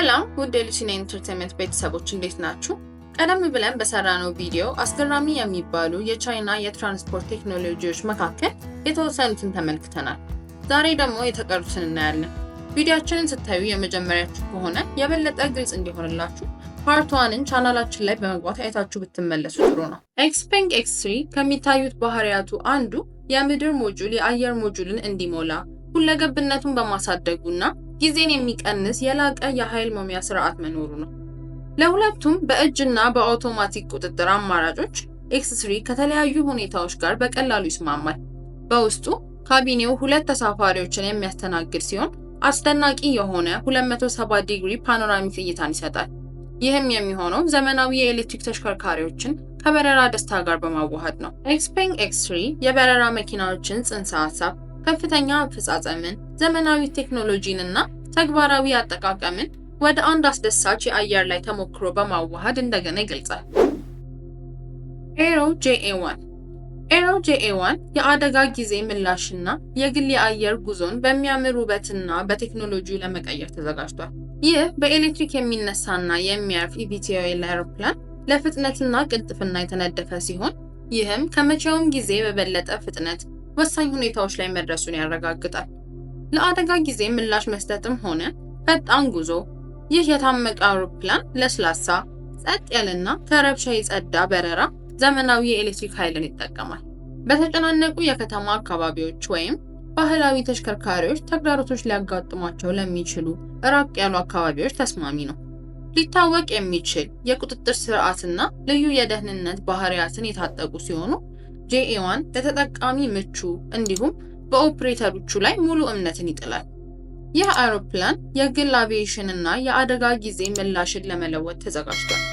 ሰላም ውድ የሉሲና ኢንተርቴንመንት ቤተሰቦች እንዴት ናችሁ? ቀደም ብለን በሰራነው ቪዲዮ አስገራሚ የሚባሉ የቻይና የትራንስፖርት ቴክኖሎጂዎች መካከል የተወሰኑትን ተመልክተናል። ዛሬ ደግሞ የተቀሩትን እናያለን። ቪዲዮችንን ስታዩ የመጀመሪያችሁ ከሆነ የበለጠ ግልጽ እንዲሆንላችሁ ፓርት ዋንን ቻናላችን ላይ በመግባት አይታችሁ ብትመለሱ ጥሩ ነው። ኤክስፔንግ ኤክስ ከሚታዩት ባህሪያቱ አንዱ የምድር ሞጁል የአየር ሞጁልን እንዲሞላ ሁለገብነቱን በማሳደጉና ጊዜን የሚቀንስ የላቀ የኃይል መሙያ ስርዓት መኖሩ ነው። ለሁለቱም በእጅና በአውቶማቲክ ቁጥጥር አማራጮች ኤክስ3 ከተለያዩ ሁኔታዎች ጋር በቀላሉ ይስማማል። በውስጡ ካቢኔው ሁለት ተሳፋሪዎችን የሚያስተናግድ ሲሆን አስደናቂ የሆነ 270 ዲግሪ ፓኖራሚክ እይታን ይሰጣል። ይህም የሚሆነው ዘመናዊ የኤሌክትሪክ ተሽከርካሪዎችን ከበረራ ደስታ ጋር በማዋሃድ ነው። ኤክስፔንግ ኤክስ3 የበረራ መኪናዎችን ጽንሰ ሀሳብ ከፍተኛ አፈጻጸምን፣ ዘመናዊ ቴክኖሎጂንና ተግባራዊ አጠቃቀምን ወደ አንድ አስደሳች የአየር ላይ ተሞክሮ በማዋሃድ እንደገና ይገልጻል። ኤሮ ጄኤ1 ኤሮ ጄኤ1 የአደጋ ጊዜ ምላሽና የግል የአየር ጉዞን በሚያምር ውበትና በቴክኖሎጂ ለመቀየር ተዘጋጅቷል። ይህ በኤሌክትሪክ የሚነሳና የሚያርፍ ኢVTOL አውሮፕላን ለፍጥነትና ቅልጥፍና የተነደፈ ሲሆን ይህም ከመቼውም ጊዜ በበለጠ ፍጥነት ወሳኝ ሁኔታዎች ላይ መድረሱን ያረጋግጣል። ለአደጋ ጊዜ ምላሽ መስጠትም ሆነ ፈጣን ጉዞ ይህ የታመቀ አውሮፕላን ለስላሳ፣ ጸጥ ያለና ከረብሻ የጸዳ በረራ ዘመናዊ የኤሌክትሪክ ኃይልን ይጠቀማል። በተጨናነቁ የከተማ አካባቢዎች ወይም ባህላዊ ተሽከርካሪዎች ተግዳሮቶች ሊያጋጥሟቸው ለሚችሉ ራቅ ያሉ አካባቢዎች ተስማሚ ነው። ሊታወቅ የሚችል የቁጥጥር ስርዓትና ልዩ የደህንነት ባህሪያትን የታጠቁ ሲሆኑ ጄኤዋን ለተጠቃሚ ምቹ እንዲሁም በኦፕሬተሮቹ ላይ ሙሉ እምነትን ይጥላል። ይህ አውሮፕላን የግል አቪዬሽን እና የአደጋ ጊዜ ምላሽን ለመለወጥ ተዘጋጅቷል።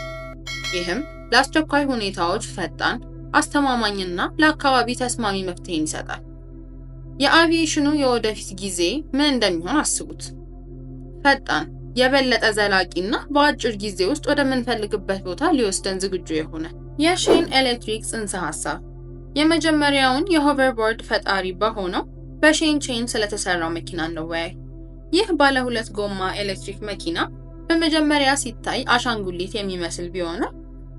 ይህም ለአስቸኳይ ሁኔታዎች ፈጣን፣ አስተማማኝና ለአካባቢ ተስማሚ መፍትሄን ይሰጣል። የአቪዬሽኑ የወደፊት ጊዜ ምን እንደሚሆን አስቡት። ፈጣን፣ የበለጠ ዘላቂና በአጭር ጊዜ ውስጥ ወደምንፈልግበት ቦታ ሊወስደን ዝግጁ የሆነ የሼን ኤሌክትሪክ ጽንሰ ሀሳብ የመጀመሪያውን የሆቨርቦርድ ፈጣሪ በሆነው በሼን ቼን ስለተሰራው መኪና እንወያይ። ይህ ባለ ሁለት ጎማ ኤሌክትሪክ መኪና በመጀመሪያ ሲታይ አሻንጉሊት የሚመስል ቢሆንም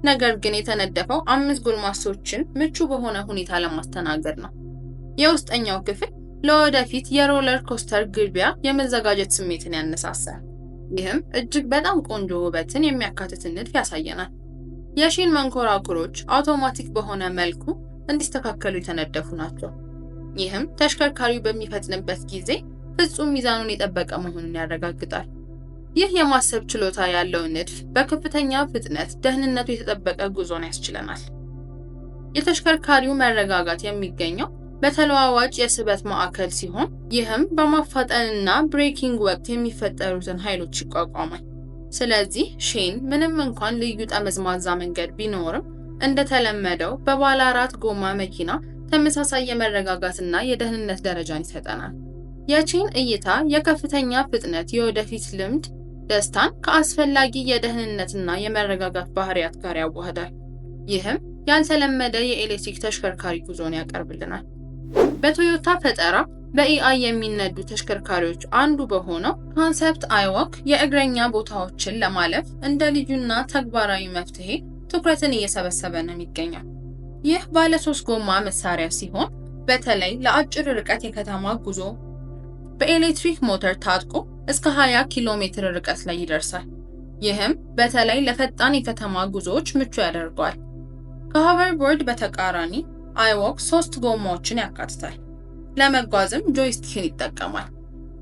ነገር ግን የተነደፈው አምስት ጎልማሶችን ምቹ በሆነ ሁኔታ ለማስተናገድ ነው። የውስጠኛው ክፍል ለወደፊት የሮለር ኮስተር ግልቢያ የመዘጋጀት ስሜትን ያነሳሳል። ይህም እጅግ በጣም ቆንጆ ውበትን የሚያካትትን ንድፍ ያሳየናል። የሺን መንኮራኩሮች አውቶማቲክ በሆነ መልኩ እንዲስተካከሉ የተነደፉ ናቸው። ይህም ተሽከርካሪው በሚፈጥንበት ጊዜ ፍጹም ሚዛኑን የጠበቀ መሆኑን ያረጋግጣል። ይህ የማሰብ ችሎታ ያለው ንድፍ በከፍተኛ ፍጥነት ደህንነቱ የተጠበቀ ጉዞን ያስችለናል። የተሽከርካሪው መረጋጋት የሚገኘው በተለዋዋጭ የስበት ማዕከል ሲሆን ይህም በማፋጠንና ብሬኪንግ ወቅት የሚፈጠሩትን ኃይሎች ይቋቋማል። ስለዚህ ሼን ምንም እንኳን ልዩ ጠመዝማዛ መንገድ ቢኖርም እንደተለመደው በባለ አራት ጎማ መኪና ተመሳሳይ የመረጋጋትና የደህንነት ደረጃን ይሰጠናል። የቺን እይታ የከፍተኛ ፍጥነት የወደፊት ልምድ ደስታን ከአስፈላጊ የደህንነትና የመረጋጋት ባህሪያት ጋር ያዋህዳል። ይህም ያልተለመደ የኤሌክትሪክ ተሽከርካሪ ጉዞን ያቀርብልናል። በቶዮታ ፈጠራ በኤአይ የሚነዱ ተሽከርካሪዎች አንዱ በሆነው ካንሰፕት አይወክ የእግረኛ ቦታዎችን ለማለፍ እንደ ልዩና ተግባራዊ መፍትሄ ትኩረትን እየሰበሰበ ነው የሚገኘው። ይህ ባለ ሶስት ጎማ መሳሪያ ሲሆን በተለይ ለአጭር ርቀት የከተማ ጉዞ በኤሌክትሪክ ሞተር ታጥቆ እስከ 20 ኪሎ ሜትር ርቀት ላይ ይደርሳል። ይህም በተለይ ለፈጣን የከተማ ጉዞዎች ምቹ ያደርገዋል። ከሆቨርቦርድ በተቃራኒ አይዎክ ሶስት ጎማዎችን ያካትታል። ለመጓዝም ጆይስቲክን ይጠቀማል።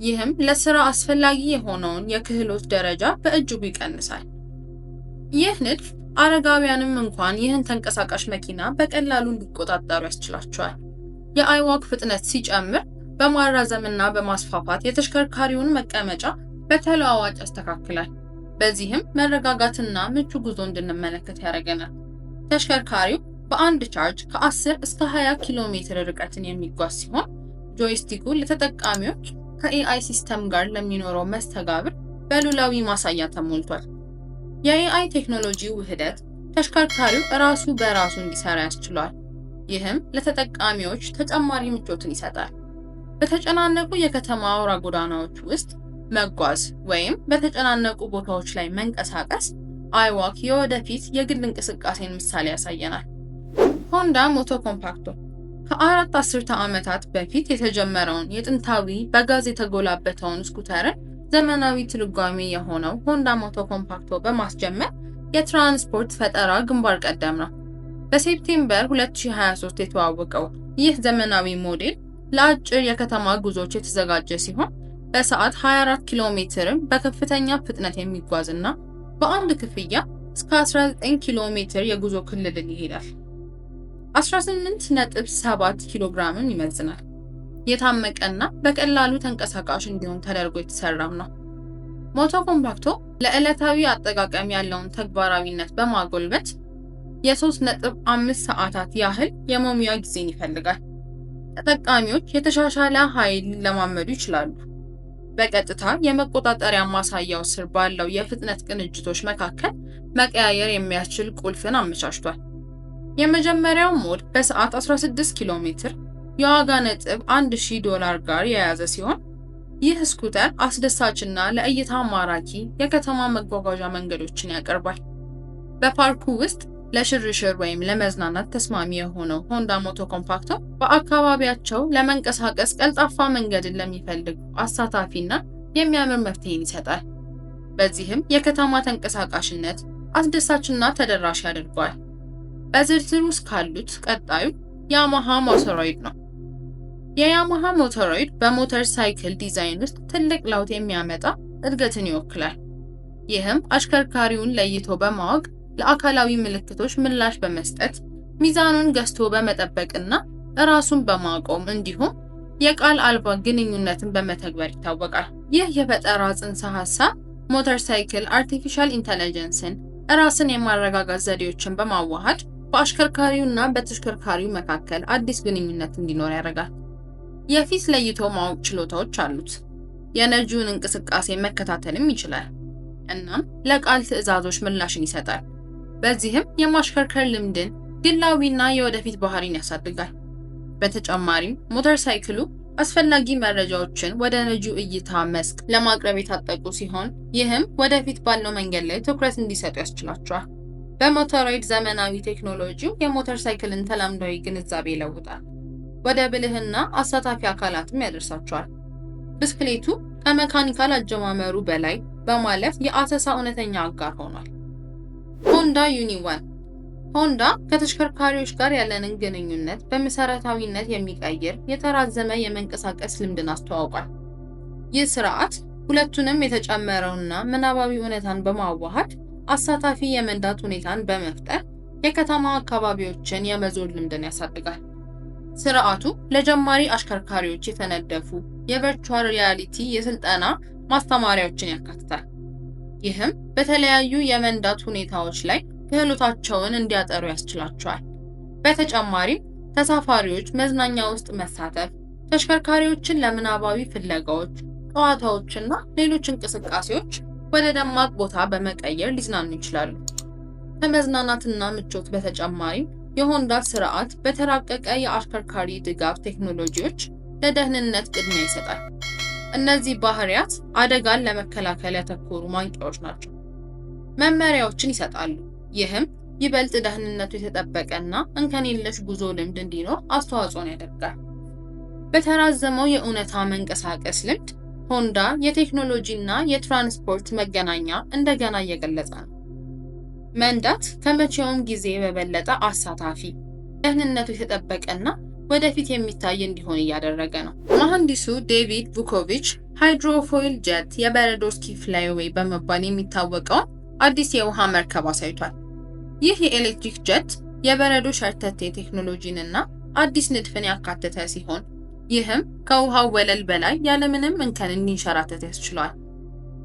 ይህም ለስራ አስፈላጊ የሆነውን የክህሎት ደረጃ በእጅጉ ይቀንሳል። ይህ ንድፍ አረጋውያንም እንኳን ይህን ተንቀሳቃሽ መኪና በቀላሉ እንዲቆጣጠሩ ያስችላቸዋል። የአይዋክ ፍጥነት ሲጨምር በማራዘምና በማስፋፋት የተሽከርካሪውን መቀመጫ በተለዋዋጭ ያስተካክላል። በዚህም መረጋጋትና ምቹ ጉዞ እንድንመለከት ያደርገናል። ተሽከርካሪው በአንድ ቻርጅ ከ10 እስከ 20 ኪሎ ሜትር ርቀትን የሚጓዝ ሲሆን ጆይስቲኩ ለተጠቃሚዎች ከኤአይ ሲስተም ጋር ለሚኖረው መስተጋብር በሉላዊ ማሳያ ተሞልቷል። የኤአይ ቴክኖሎጂ ውህደት ተሽከርካሪው ራሱ በራሱ እንዲሰራ ያስችሏል። ይህም ለተጠቃሚዎች ተጨማሪ ምቾትን ይሰጣል። በተጨናነቁ የከተማ አውራ ጎዳናዎች ውስጥ መጓዝ ወይም በተጨናነቁ ቦታዎች ላይ መንቀሳቀስ አይዋክ የወደፊት የግል እንቅስቃሴን ምሳሌ ያሳየናል። ሆንዳ ሞቶ ኮምፓክቶ ከአራት አስርተ ዓመታት በፊት የተጀመረውን የጥንታዊ በጋዝ የተጎላበተውን ስኩተርን ዘመናዊ ትርጓሜ የሆነው ሆንዳ ሞቶ ኮምፓክቶ በማስጀመር የትራንስፖርት ፈጠራ ግንባር ቀደም ነው። በሴፕቴምበር 2023 የተዋወቀው ይህ ዘመናዊ ሞዴል ለአጭር የከተማ ጉዞዎች የተዘጋጀ ሲሆን በሰዓት 24 ኪሎ ሜትርን በከፍተኛ ፍጥነት የሚጓዝ በአንድ ክፍያ እስከ 19 ኪሎ ሜትር የጉዞ ክልልን ይሄዳል። 18.7 ኪሎ ግራምን ይመዝናል። የታመቀና በቀላሉ ተንቀሳቃሽ እንዲሆን ተደርጎ የተሰራም ነው። ሞቶ ኮምፓክቶ ለዕለታዊ አጠቃቀም ያለውን ተግባራዊነት በማጎልበት የሶስት ነጥብ አምስት ሰዓታት ያህል የመሙያ ጊዜን ይፈልጋል። ተጠቃሚዎች የተሻሻለ ኃይል ለማመዱ ይችላሉ። በቀጥታ የመቆጣጠሪያ ማሳያው ስር ባለው የፍጥነት ቅንጅቶች መካከል መቀያየር የሚያስችል ቁልፍን አመቻችቷል። የመጀመሪያው ሞድ በሰዓት 16 ኪሎ ሜትር የዋጋ ነጥብ 1000 ዶላር ጋር የያዘ ሲሆን ይህ ስኩተር አስደሳችና ለእይታ ማራኪ የከተማ መጓጓዣ መንገዶችን ያቀርባል። በፓርኩ ውስጥ ለሽርሽር ወይም ለመዝናናት ተስማሚ የሆነው ሆንዳ ሞቶ ኮምፓክቶ በአካባቢያቸው ለመንቀሳቀስ ቀልጣፋ መንገድን ለሚፈልጉ አሳታፊና የሚያምር መፍትሄን ይሰጣል። በዚህም የከተማ ተንቀሳቃሽነት አስደሳችና ተደራሽ ያደርገዋል። በዝርዝር ውስጥ ካሉት ቀጣዩ ያማሃ ማሰራይድ ነው። የያማሃ ሞተሮይድ በሞተር ሳይክል ዲዛይን ውስጥ ትልቅ ለውጥ የሚያመጣ እድገትን ይወክላል። ይህም አሽከርካሪውን ለይቶ በማወቅ ለአካላዊ ምልክቶች ምላሽ በመስጠት ሚዛኑን ገዝቶ በመጠበቅና ራሱን በማቆም እንዲሁም የቃል አልባ ግንኙነትን በመተግበር ይታወቃል። ይህ የፈጠራ ጽንሰ ሐሳብ ሞተር ሳይክል አርቲፊሻል ኢንተለጀንስን፣ ራስን የማረጋጋት ዘዴዎችን በማዋሃድ በአሽከርካሪውና በተሽከርካሪው መካከል አዲስ ግንኙነት እንዲኖር ያደርጋል። የፊት ለይቶ ማወቅ ችሎታዎች አሉት። የነጂውን እንቅስቃሴ መከታተልም ይችላል። እናም ለቃል ትዕዛዞች ምላሽን ይሰጣል። በዚህም የማሽከርከር ልምድን፣ ግላዊና የወደፊት ባህሪን ያሳድጋል። በተጨማሪም ሞተር ሳይክሉ አስፈላጊ መረጃዎችን ወደ ነጂው እይታ መስክ ለማቅረብ የታጠቁ ሲሆን ይህም ወደፊት ባለው መንገድ ላይ ትኩረት እንዲሰጡ ያስችላቸዋል። በሞተሮይድ ዘመናዊ ቴክኖሎጂው የሞተር ሳይክልን ተላምዳዊ ግንዛቤ ይለውጣል። ወደ ብልህና አሳታፊ አካላትም ያደርሳቸዋል። ብስክሌቱ ከመካኒካል አጀማመሩ በላይ በማለፍ የአሰሳ እውነተኛ አጋር ሆኗል። ሆንዳ ዩኒዋን ሆንዳ ከተሽከርካሪዎች ጋር ያለንን ግንኙነት በመሰረታዊነት የሚቀይር የተራዘመ የመንቀሳቀስ ልምድን አስተዋውቋል። ይህ ስርዓት ሁለቱንም የተጨመረውና ምናባዊ እውነታን በማዋሃድ አሳታፊ የመንዳት ሁኔታን በመፍጠር የከተማ አካባቢዎችን የመዞር ልምድን ያሳድጋል። ስርዓቱ ለጀማሪ አሽከርካሪዎች የተነደፉ የቨርቹዋል ሪያሊቲ የስልጠና ማስተማሪያዎችን ያካትታል። ይህም በተለያዩ የመንዳት ሁኔታዎች ላይ ክህሎታቸውን እንዲያጠሩ ያስችላቸዋል። በተጨማሪም ተሳፋሪዎች መዝናኛ ውስጥ መሳተፍ፣ ተሽከርካሪዎችን ለምናባዊ ፍለጋዎች፣ ጨዋታዎችና ሌሎች እንቅስቃሴዎች ወደ ደማቅ ቦታ በመቀየር ሊዝናኑ ይችላሉ። ከመዝናናትና ምቾት በተጨማሪም የሆንዳ ስርዓት በተራቀቀ የአሽከርካሪ ድጋፍ ቴክኖሎጂዎች ለደህንነት ቅድሚያ ይሰጣል። እነዚህ ባህሪያት አደጋን ለመከላከል ያተኮሩ ማንቂያዎች ናቸው። መመሪያዎችን ይሰጣሉ። ይህም ይበልጥ ደህንነቱ የተጠበቀና እንከን የለሽ ጉዞ ልምድ እንዲኖር አስተዋጽኦን ያደርጋል። በተራዘመው የእውነታ መንቀሳቀስ ልምድ ሆንዳ የቴክኖሎጂና የትራንስፖርት መገናኛ እንደገና እየገለጸ ነው። መንዳት ከመቼውም ጊዜ በበለጠ አሳታፊ፣ ደህንነቱ የተጠበቀና ወደፊት የሚታይ እንዲሆን እያደረገ ነው። መሐንዲሱ ዴቪድ ቡኮቪች ሃይድሮፎይል ጀት የበረዶ ስኪ ፍላይዌይ በመባል የሚታወቀውን አዲስ የውሃ መርከብ አሳይቷል። ይህ የኤሌክትሪክ ጀት የበረዶ ሸርተቴ ቴክኖሎጂንና አዲስ ንድፍን ያካተተ ሲሆን ይህም ከውሃው ወለል በላይ ያለምንም እንከን እንዲንሸራተት ያስችሏል።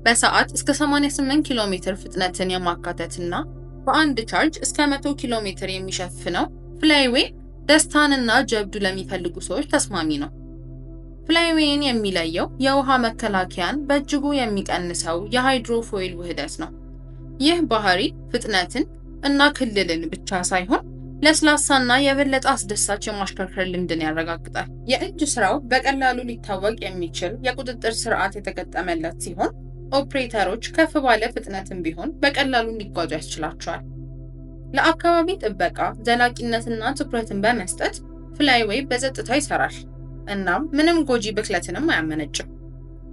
በሰዓት እስከ 88 ኪሎ ሜትር ፍጥነትን የማካተትና በአንድ ቻርጅ እስከ 100 ኪሎ ሜትር የሚሸፍነው ፍላይዌይ ደስታንና ጀብዱ ለሚፈልጉ ሰዎች ተስማሚ ነው። ፍላይዌይን የሚለየው የውሃ መከላከያን በእጅጉ የሚቀንሰው የሃይድሮፎይል ውህደት ነው። ይህ ባህሪ ፍጥነትን እና ክልልን ብቻ ሳይሆን ለስላሳና የበለጠ አስደሳች የማሽከርከር ልምድን ያረጋግጣል። የእጅ ስራው በቀላሉ ሊታወቅ የሚችል የቁጥጥር ስርዓት የተገጠመለት ሲሆን ኦፕሬተሮች ከፍ ባለ ፍጥነትም ቢሆን በቀላሉ እንዲጓዙ ያስችላቸዋል። ለአካባቢ ጥበቃ ዘላቂነትና ትኩረትን በመስጠት ፍላይዌይ በጸጥታ ይሰራል እናም ምንም ጎጂ ብክለትንም አያመነጭም።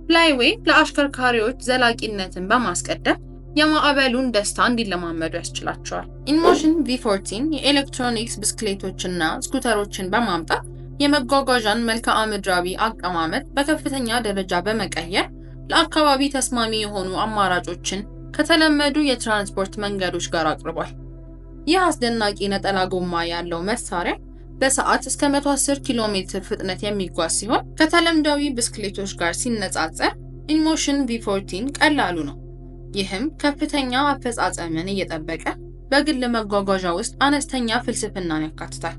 ፍላይዌይ ለአሽከርካሪዎች ዘላቂነትን በማስቀደም የማዕበሉን ደስታ እንዲለማመዱ ያስችላቸዋል። ኢንሞሽን ቪ14 የኤሌክትሮኒክስ ብስክሌቶችና ስኩተሮችን በማምጣት የመጓጓዣን መልክዓ ምድራዊ አቀማመጥ በከፍተኛ ደረጃ በመቀየር ለአካባቢ ተስማሚ የሆኑ አማራጮችን ከተለመዱ የትራንስፖርት መንገዶች ጋር አቅርቧል። ይህ አስደናቂ ነጠላ ጎማ ያለው መሳሪያ በሰዓት እስከ 110 ኪሎ ሜትር ፍጥነት የሚጓዝ ሲሆን ከተለምዳዊ ብስክሌቶች ጋር ሲነጻጸር ኢንሞሽን v 14 ቀላሉ ነው። ይህም ከፍተኛ አፈጻጸምን እየጠበቀ በግል መጓጓዣ ውስጥ አነስተኛ ፍልስፍናን ያካትታል።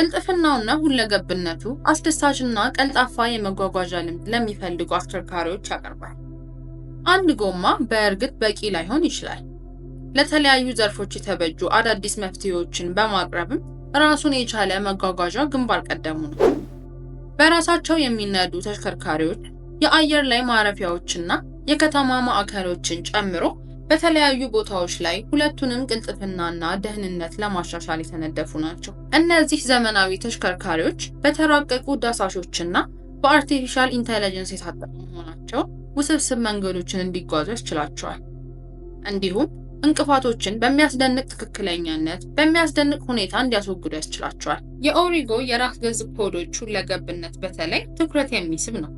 ቅልጥፍናውና ሁለገብነቱ አስደሳችና ቀልጣፋ የመጓጓዣ ልምድ ለሚፈልጉ አሽከርካሪዎች ያቀርባል። አንድ ጎማ በእርግጥ በቂ ላይሆን ይችላል። ለተለያዩ ዘርፎች የተበጁ አዳዲስ መፍትሄዎችን በማቅረብም ራሱን የቻለ መጓጓዣ ግንባር ቀደሙ ነው። በራሳቸው የሚነዱ ተሽከርካሪዎች የአየር ላይ ማረፊያዎችና የከተማ ማዕከሎችን ጨምሮ በተለያዩ ቦታዎች ላይ ሁለቱንም ቅልጥፍናና ደህንነት ለማሻሻል የተነደፉ ናቸው። እነዚህ ዘመናዊ ተሽከርካሪዎች በተራቀቁ ዳሳሾችና በአርቲፊሻል ኢንተለጀንስ የታጠቁ መሆናቸው ውስብስብ መንገዶችን እንዲጓዙ ያስችላቸዋል። እንዲሁም እንቅፋቶችን በሚያስደንቅ ትክክለኛነት በሚያስደንቅ ሁኔታ እንዲያስወግዱ ያስችላቸዋል። የኦሪጎ የራስ ገዝ ኮዶች ሁለገብነት በተለይ ትኩረት የሚስብ ነው።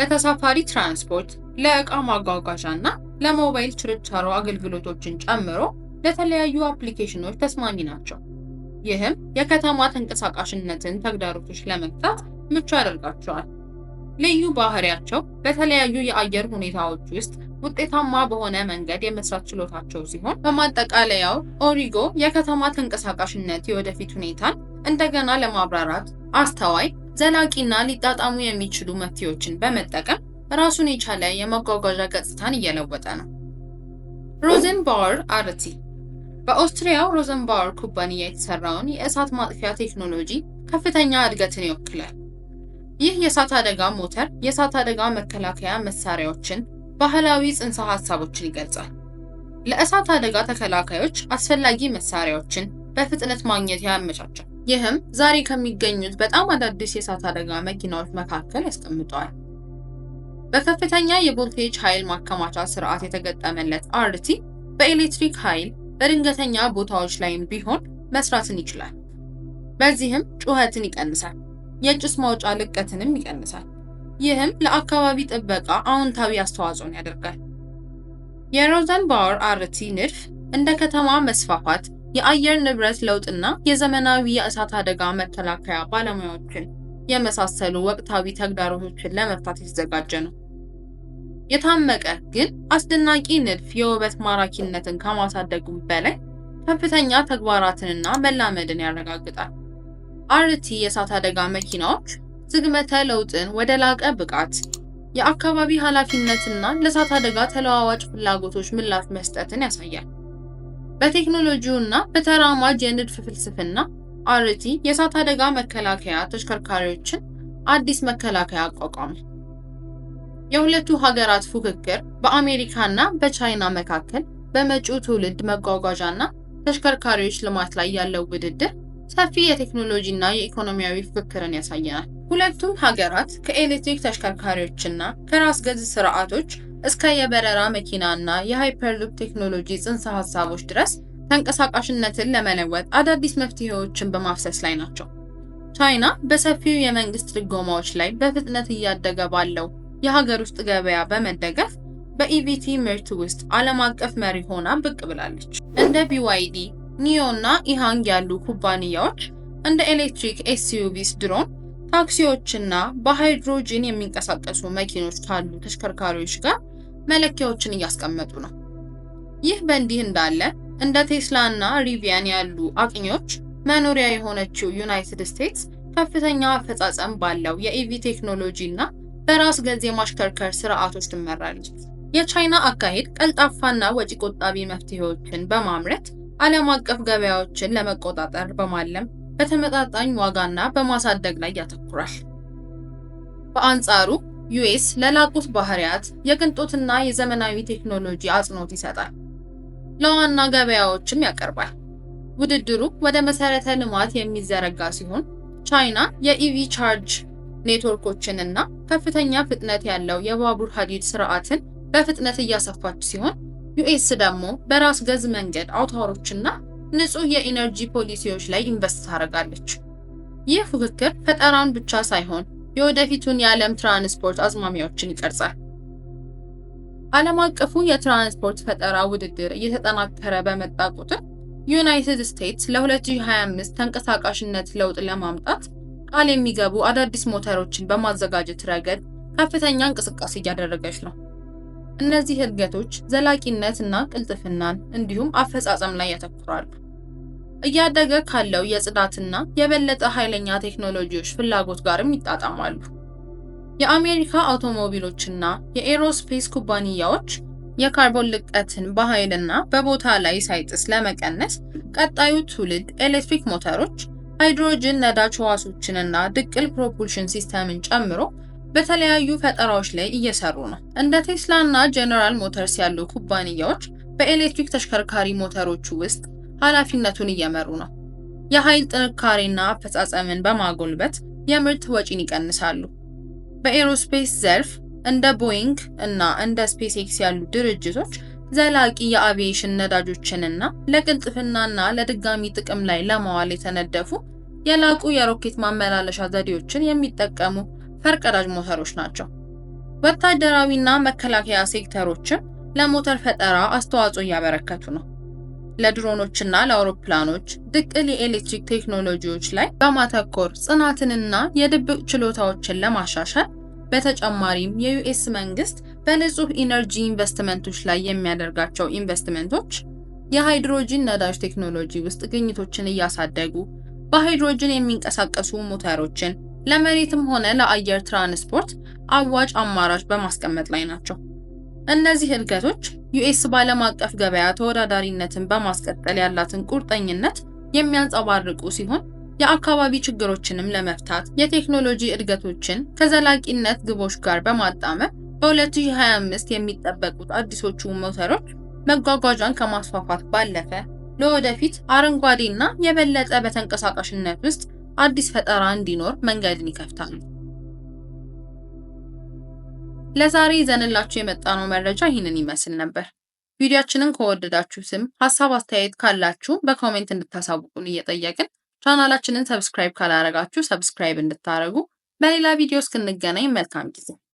ለተሳፋሪ ትራንስፖርት፣ ለእቃ ማጓጓዣ እና ለሞባይል ችርቻሮ አገልግሎቶችን ጨምሮ ለተለያዩ አፕሊኬሽኖች ተስማሚ ናቸው። ይህም የከተማ ተንቀሳቃሽነትን ተግዳሮቶች ለመግታት ምቹ ያደርጋቸዋል። ልዩ ባህሪያቸው በተለያዩ የአየር ሁኔታዎች ውስጥ ውጤታማ በሆነ መንገድ የመስራት ችሎታቸው ሲሆን በማጠቃለያው ኦሪጎ የከተማ ተንቀሳቃሽነት የወደፊት ሁኔታን እንደገና ለማብራራት አስተዋይ፣ ዘላቂና ሊጣጣሙ የሚችሉ መፍትሄዎችን በመጠቀም ራሱን የቻለ የመጓጓዣ ገጽታን እየለወጠ ነው። ሮዘንባወር አርቲ በኦስትሪያው ሮዘንባወር ኩባንያ የተሰራውን የእሳት ማጥፊያ ቴክኖሎጂ ከፍተኛ እድገትን ይወክላል። ይህ የእሳት አደጋ ሞተር የእሳት አደጋ መከላከያ መሳሪያዎችን ባህላዊ ጽንሰ ሀሳቦችን ይገልጻል። ለእሳት አደጋ ተከላካዮች አስፈላጊ መሳሪያዎችን በፍጥነት ማግኘት ያመቻቻል። ይህም ዛሬ ከሚገኙት በጣም አዳዲስ የእሳት አደጋ መኪናዎች መካከል ያስቀምጠዋል። በከፍተኛ የቮልቴጅ ኃይል ማከማቻ ስርዓት የተገጠመለት አርቲ በኤሌክትሪክ ኃይል በድንገተኛ ቦታዎች ላይም ቢሆን መስራትን ይችላል። በዚህም ጩኸትን ይቀንሳል፣ የጭስ ማውጫ ልቀትንም ይቀንሳል። ይህም ለአካባቢ ጥበቃ አዎንታዊ አስተዋጽኦን ያደርጋል። የሮዘን ባወር አርቲ ንድፍ እንደ ከተማ መስፋፋት፣ የአየር ንብረት ለውጥና የዘመናዊ የእሳት አደጋ መከላከያ ባለሙያዎችን የመሳሰሉ ወቅታዊ ተግዳሮቶችን ለመፍታት የተዘጋጀ ነው። የታመቀ ግን አስደናቂ ንድፍ የውበት ማራኪነትን ከማሳደጉም በላይ ከፍተኛ ተግባራትንና መላመድን ያረጋግጣል። አርቲ የእሳት አደጋ መኪናዎች ዝግመተ ለውጥን ወደ ላቀ ብቃት፣ የአካባቢ ኃላፊነትና ለእሳት አደጋ ተለዋዋጭ ፍላጎቶች ምላሽ መስጠትን ያሳያል። በቴክኖሎጂውና በተራማጅ የንድፍ ፍልስፍና አርቲ የእሳት አደጋ መከላከያ ተሽከርካሪዎችን አዲስ መከላከያ አቋቋመ። የሁለቱ ሀገራት ፉክክር በአሜሪካና በቻይና መካከል በመጪው ትውልድ መጓጓዣና ተሽከርካሪዎች ልማት ላይ ያለው ውድድር ሰፊ የቴክኖሎጂና የኢኮኖሚያዊ ፉክክርን ያሳየናል። ሁለቱም ሀገራት ከኤሌክትሪክ ተሽከርካሪዎችና ከራስ ገዝ ስርዓቶች እስከ የበረራ መኪናና የሃይፐርሉፕ ቴክኖሎጂ ጽንሰ ሀሳቦች ድረስ ተንቀሳቃሽነትን ለመለወጥ አዳዲስ መፍትሄዎችን በማፍሰስ ላይ ናቸው። ቻይና በሰፊው የመንግስት ድጎማዎች ላይ በፍጥነት እያደገ ባለው የሀገር ውስጥ ገበያ በመደገፍ በኢቪቲ ምርት ውስጥ ዓለም አቀፍ መሪ ሆና ብቅ ብላለች። እንደ ቢዋይዲ፣ ኒዮ እና ኢሃንግ ያሉ ኩባንያዎች እንደ ኤሌክትሪክ ኤስዩቪስ፣ ድሮን ታክሲዎችና በሃይድሮጂን የሚንቀሳቀሱ መኪኖች ካሉ ተሽከርካሪዎች ጋር መለኪያዎችን እያስቀመጡ ነው። ይህ በእንዲህ እንዳለ እንደ ቴስላ እና ሪቪያን ያሉ አቅኞች መኖሪያ የሆነችው ዩናይትድ ስቴትስ ከፍተኛ አፈጻጸም ባለው የኢቪ ቴክኖሎጂ እና በራስ ገዝ የማሽከርከር ስርዓቶች ትመራለች። የቻይና አካሄድ ቀልጣፋና ወጪ ቆጣቢ መፍትሄዎችን በማምረት ዓለም አቀፍ ገበያዎችን ለመቆጣጠር በማለም በተመጣጣኝ ዋጋና በማሳደግ ላይ ያተኩራል። በአንጻሩ ዩኤስ ለላቁት ባህሪያት የቅንጦትና የዘመናዊ ቴክኖሎጂ አጽንኦት ይሰጣል፣ ለዋና ገበያዎችም ያቀርባል። ውድድሩ ወደ መሰረተ ልማት የሚዘረጋ ሲሆን ቻይና የኢቪ ቻርጅ ኔትወርኮችንና ከፍተኛ ፍጥነት ያለው የባቡር ሀዲድ ስርዓትን በፍጥነት እያሰፋች ሲሆን ዩኤስ ደግሞ በራስ ገዝ መንገድ አውታሮችና ንጹህ የኢነርጂ ፖሊሲዎች ላይ ኢንቨስት ታደርጋለች። ይህ ፉክክር ፈጠራን ብቻ ሳይሆን የወደፊቱን የዓለም ትራንስፖርት አዝማሚያዎችን ይቀርጻል። ዓለም አቀፉ የትራንስፖርት ፈጠራ ውድድር እየተጠናከረ በመጣ ቁጥር ዩናይትድ ስቴትስ ለ2025 ተንቀሳቃሽነት ለውጥ ለማምጣት ቃል የሚገቡ አዳዲስ ሞተሮችን በማዘጋጀት ረገድ ከፍተኛ እንቅስቃሴ እያደረገች ነው። እነዚህ እድገቶች ዘላቂነት እና ቅልጥፍናን እንዲሁም አፈጻጸም ላይ ያተኩራሉ። እያደገ ካለው የጽዳትና የበለጠ ኃይለኛ ቴክኖሎጂዎች ፍላጎት ጋርም ይጣጣማሉ። የአሜሪካ አውቶሞቢሎችና የኤሮስፔስ ኩባንያዎች የካርቦን ልቀትን በኃይልና በቦታ ላይ ሳይጥስ ለመቀነስ ቀጣዩ ትውልድ ኤሌክትሪክ ሞተሮች ሃይድሮጅን ነዳጅ ህዋሶችንና ድቅል ፕሮፑልሽን ሲስተምን ጨምሮ በተለያዩ ፈጠራዎች ላይ እየሰሩ ነው። እንደ ቴስላ እና ጀነራል ሞተርስ ያሉ ኩባንያዎች በኤሌክትሪክ ተሽከርካሪ ሞተሮቹ ውስጥ ኃላፊነቱን እየመሩ ነው። የኃይል ጥንካሬና አፈጻጸምን በማጎልበት የምርት ወጪን ይቀንሳሉ። በኤሮስፔስ ዘርፍ እንደ ቦይንግ እና እንደ ስፔስ ኤክስ ያሉ ድርጅቶች ዘላቂ የአቪዬሽን ነዳጆችንና ለቅልጥፍናና ለድጋሚ ጥቅም ላይ ለማዋል የተነደፉ የላቁ የሮኬት ማመላለሻ ዘዴዎችን የሚጠቀሙ ፈርቀዳጅ ሞተሮች ናቸው። ወታደራዊና መከላከያ ሴክተሮችም ለሞተር ፈጠራ አስተዋጽኦ እያበረከቱ ነው። ለድሮኖችና ለአውሮፕላኖች ድቅል የኤሌክትሪክ ቴክኖሎጂዎች ላይ በማተኮር ጽናትንና የድብቅ ችሎታዎችን ለማሻሻል በተጨማሪም የዩኤስ መንግስት በንጹህ ኢነርጂ ኢንቨስትመንቶች ላይ የሚያደርጋቸው ኢንቨስትመንቶች የሃይድሮጂን ነዳጅ ቴክኖሎጂ ውስጥ ግኝቶችን እያሳደጉ በሃይድሮጂን የሚንቀሳቀሱ ሞተሮችን ለመሬትም ሆነ ለአየር ትራንስፖርት አዋጭ አማራጭ በማስቀመጥ ላይ ናቸው። እነዚህ እድገቶች ዩኤስ በዓለም አቀፍ ገበያ ተወዳዳሪነትን በማስቀጠል ያላትን ቁርጠኝነት የሚያንጸባርቁ ሲሆን የአካባቢ ችግሮችንም ለመፍታት የቴክኖሎጂ እድገቶችን ከዘላቂነት ግቦች ጋር በማጣመር በ2025 የሚጠበቁት አዲሶቹ ሞተሮች መጓጓዣን ከማስፋፋት ባለፈ ለወደፊት አረንጓዴ እና የበለጠ በተንቀሳቃሽነት ውስጥ አዲስ ፈጠራ እንዲኖር መንገድን ይከፍታሉ። ለዛሬ ይዘንላችሁ የመጣነው መረጃ ይህንን ይመስል ነበር። ቪዲዮአችንን ስም ሀሳብ አስተያየት ካላችሁ በኮሜንት እንድታሳውቁን እየጠየቅን ቻናላችንን ሰብስክራይብ ካላረጋችሁ ሰብስክራይብ እንድታረጉ በሌላ ቪዲዮ እስክንገናኝ መልካም ጊዜ